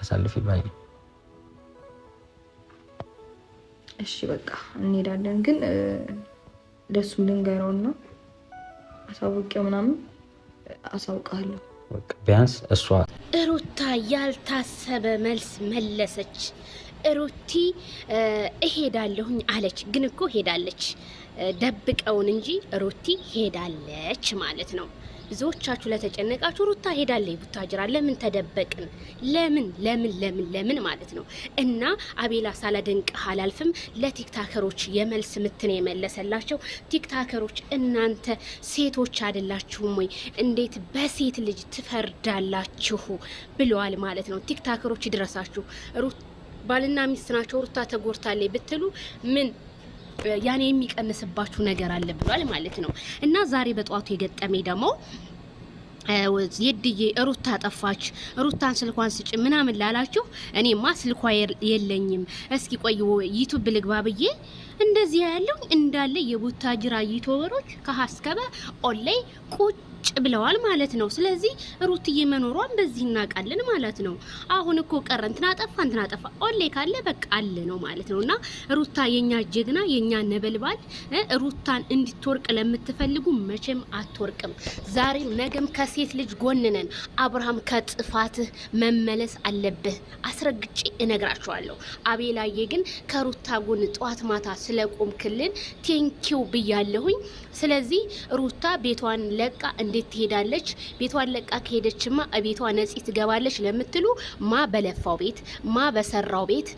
ብታሳልፊ ባይ እሺ በቃ እንሄዳለን፣ ግን ለሱ ልንገረው እና አሳውቂው ምናምን አሳውቃለሁ። ቢያንስ እሷ ሩታ ያልታሰበ መልስ መለሰች። እሩቲ እሄዳለሁኝ አለች፣ ግን እኮ ሄዳለች። ደብቀውን እንጂ ሩቲ ሄዳለች ማለት ነው። ብዙዎቻችሁ ለተጨነቃችሁ ሩታ ሄዳለ ቡታጅራ ለምን ተደበቅን? ለምን ለምን ለምን ለምን ማለት ነው። እና አቤላ ሳላደንቅህ አላልፍም። ለቲክታከሮች የመልስ ምትን የመለሰላቸው ቲክታከሮች እናንተ ሴቶች አይደላችሁም ወይ? እንዴት በሴት ልጅ ትፈርዳላችሁ? ብለዋል ማለት ነው። ቲክታከሮች ይድረሳችሁ። ባልና ሚስት ናቸው። ሩታ ተጎርታለ ብትሉ ምን ያኔ የሚቀንስባችሁ ነገር አለ ብሏል ማለት ነው። እና ዛሬ በጠዋቱ የገጠሜ ደግሞ የድዬ ሩታ ጠፋች፣ ሩታን ስልኳን ስጭ ምናምን ላላችሁ እኔማ ስልኳ የለኝም፣ እስኪ ቆይ ዩቱብ ልግባ ብዬ እንደዚህ ያለው እንዳለ የቡታጅራ ዩቱበሮች ከሀስከበ ኦንላይ ቁጭ ቁጭ ብለዋል ማለት ነው። ስለዚህ ሩትዬ መኖሯን በዚህ እናውቃለን ማለት ነው። አሁን እኮ ቀረ እንትና ጠፋ እንትና ጠፋ ኦሌ ካለ በቃ አለ ነው ማለት ነው። እና ሩታ የኛ ጀግና የኛ ነበልባል፣ ሩታን እንድትወርቅ ለምትፈልጉ መቼም አትወርቅም። ዛሬም ነገም ከሴት ልጅ ጎንነን አብርሃም ከጥፋትህ መመለስ አለብህ፣ አስረግጬ እነግራቸዋለሁ። አቤላዬ ግን ከሩታ ጎን ጠዋት ማታ ስለቆምክልን ቴንኪው ብያለሁኝ። ስለዚህ ሩታ ቤቷን ለቃ እንዴት ትሄዳለች? ቤቷን ለቃ ከሄደችማ ቤቷ ነፂ ትገባለች ለምትሉ ማ በለፋው ቤት ማ በሰራው ቤት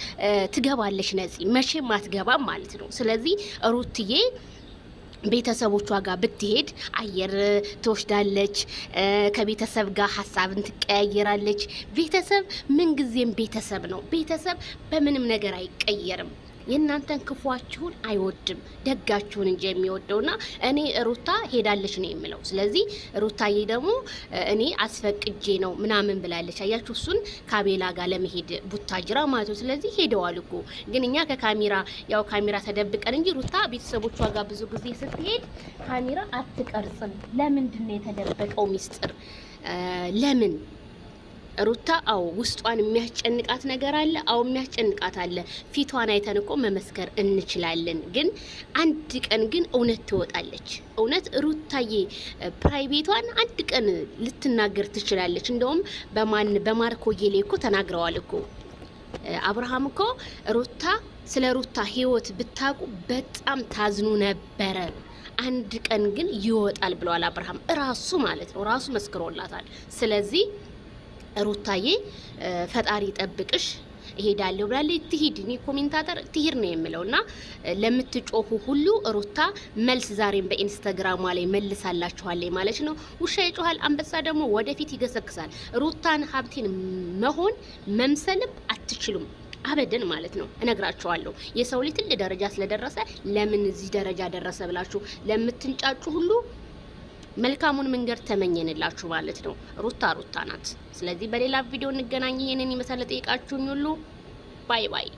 ትገባለች ነፂ፣ መቼም አትገባም ማለት ነው። ስለዚህ ሩትዬ ቤተሰቦቿ ጋር ብትሄድ አየር ትወስዳለች። ከቤተሰብ ጋር ሀሳብን ትቀያየራለች። ቤተሰብ ምንጊዜም ቤተሰብ ነው። ቤተሰብ በምንም ነገር አይቀየርም። የእናንተን ክፏችሁን አይወድም ደጋችሁን እንጂ የሚወደውና እኔ ሩታ ሄዳለች ነው የምለው። ስለዚህ ሩታዬ ደግሞ እኔ አስፈቅጄ ነው ምናምን ብላለች። አያችሁ እሱን ካቤላ ጋር ለመሄድ ቡታጅራ ማለት ነው። ስለዚህ ሄደዋል እኮ ግን እኛ ከካሜራ ያው ካሜራ ተደብቀን እንጂ ሩታ ቤተሰቦቿ ጋር ብዙ ጊዜ ስትሄድ ካሜራ አትቀርጽም። ለምንድን ነው የተደበቀው ሚስጥር? ለምን ሩታ አዎ ውስጧን የሚያስጨንቃት ነገር አለ። አዎ የሚያስጨንቃት አለ። ፊቷን አይተን እኮ መመስከር እንችላለን። ግን አንድ ቀን ግን እውነት ትወጣለች። እውነት ሩታዬ ፕራይቬቷን አንድ ቀን ልትናገር ትችላለች። እንደውም በማን በማርኮዬ ላይ እኮ ተናግረዋል እኮ አብርሃም እኮ ሩታ ስለ ሩታ ህይወት ብታውቁ በጣም ታዝኑ ነበረ አንድ ቀን ግን ይወጣል ብለዋል አብርሃም እራሱ ማለት ነው። ራሱ መስክሮላታል። ስለዚህ ሩታዬ ፈጣሪ ጠብቅሽ። እሄዳለሁ ብላለች። ትሂድ እኔ ኮሜንታተር ትሂድ ነው የምለው እና ለምትጮሁ ሁሉ ሩታ መልስ ዛሬም በኢንስታግራሟ ላይ መልሳላችኋለች ማለት ነው። ውሻ ይጮሃል፣ አንበሳ ደግሞ ወደፊት ይገሰግሳል። ሩታን ሀብቴን መሆን መምሰልም አትችሉም አበደን ማለት ነው። እነግራችኋለሁ የሰው ልጅ ትልቅ ደረጃ ስለደረሰ ለምን እዚህ ደረጃ ደረሰ ብላችሁ ለምትንጫጩ ሁሉ መልካሙን መንገድ ተመኘንላችሁ ማለት ነው። ሩታ ሩታ ናት። ስለዚህ በሌላ ቪዲዮ እንገናኝ። ይህንን ይመሳለ ጠይቃችሁኝ ሁሉ ባይ ባይ